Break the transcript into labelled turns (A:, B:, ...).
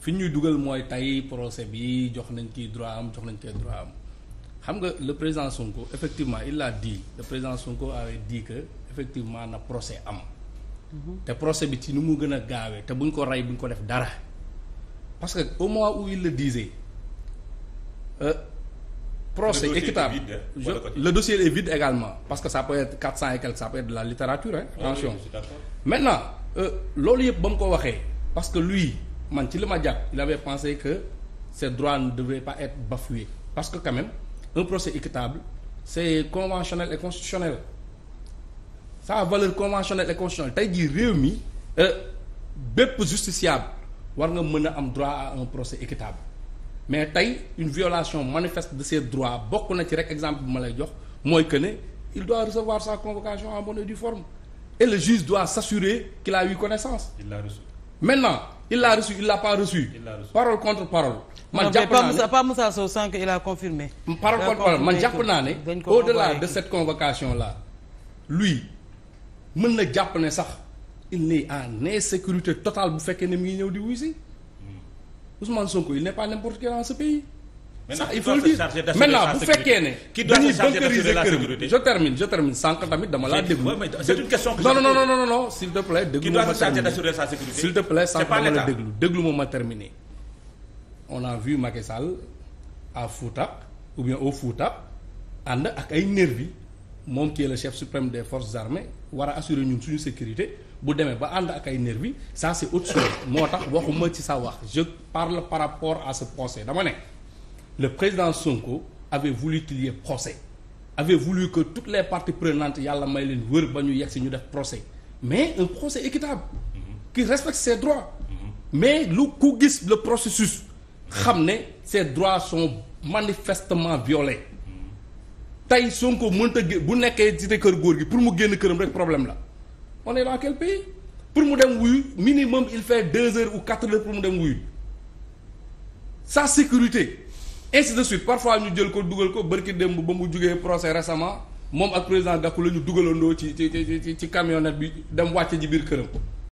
A: fi ñuy dugal mooy tey procès bi jox nañ kii droit am jox nañ kii droit am xam nga le président Sonko effectivement il l'a di le président Sonko avait dit que effectivement na procès am. Mhm. te procès bi ci ni mu gën a gaawee te buñ ko rey ñu ko def dara. parce que au mois où il le disait. Euh, procès équitable vide, Je, le également parce que ça peut être quatre cent et quelques ça peut de la littérature ah attention maintenant euh, loolu yëpp ba mu ko waxee parce que lui. man ci li ma jàpp il avait pensé que ces droits ne devraient pas être bafoués parce que quand un procès équitable c'est conventionnel et constitutionnel ça a valeur conventionnelle et constitutionnelle tey jii réew mi euh, bépp justiciable war nga mën a am droit à un procès équitable mais tey une violation manifeste de ses droits bokk na ci rek exemple bi ma lay jox mooy que ne il doit recevoir sa convocation en bonne et due forme et le juge doit s'assurer qu'il a eu connaissance. l'a reçu il l'a reçu l'a pas reçu. parole contre parole. man jàpp naa ne pas Moussa Sow sànq il a confirmé. parole contre man jàpp naa ne. au-delà de cette convocation la lui mën na jàpp ne sax il n'est en insécurité totale bu fekkee ne mi ngi ñëw di wuyu si hmm. Ousmane Sonko il n'est pas n'importe quel dans pays. maintenant il faut le dire maintenant bu fekkee ne. qui doit se charger d'assurer la sécurité je termine je termine sànq tamit dama laa déglu. c'est une question no non non non non non s'il te plaît. déglu ma ma terminer s'il te plaît a vu Fouta ou bien au Fouta ànd ak ay nervi moom qui est le chef suprême des forces armées war a assurer ñun suñu sécurité bu demee ba ànd ak ay nervi ça c'est autre chose moo tax waxuma ci sa wax je parle par rapport à ce procès dama ne. le président Sonko avait voulu qu'il y ait procès avait voulu que toutes les parties prenantes yàlla may leen wër ba ñu yegg si ñu def procès mais un procès équitable mhm. qui respecte ses droits mhm. mais lu ku gis le processus xam ne ses droits sont manifestement violés mhm. tey Sonko mënta gé bu nekkee ci kër góor gi pour mu génn këram rek problème la on est dans quel pays pour mu dem wuy minimum il fait deux heures ou quatre heures pour mu dem wuyu sa sécurité ainsi de suite parfois ñu jël ko dugal ko bërki démb ba mu jugee procès récemment moom ak président Gakou la ñu dugalandoo ci ci ci ci camionnette bi dem wàcce ji biir këram.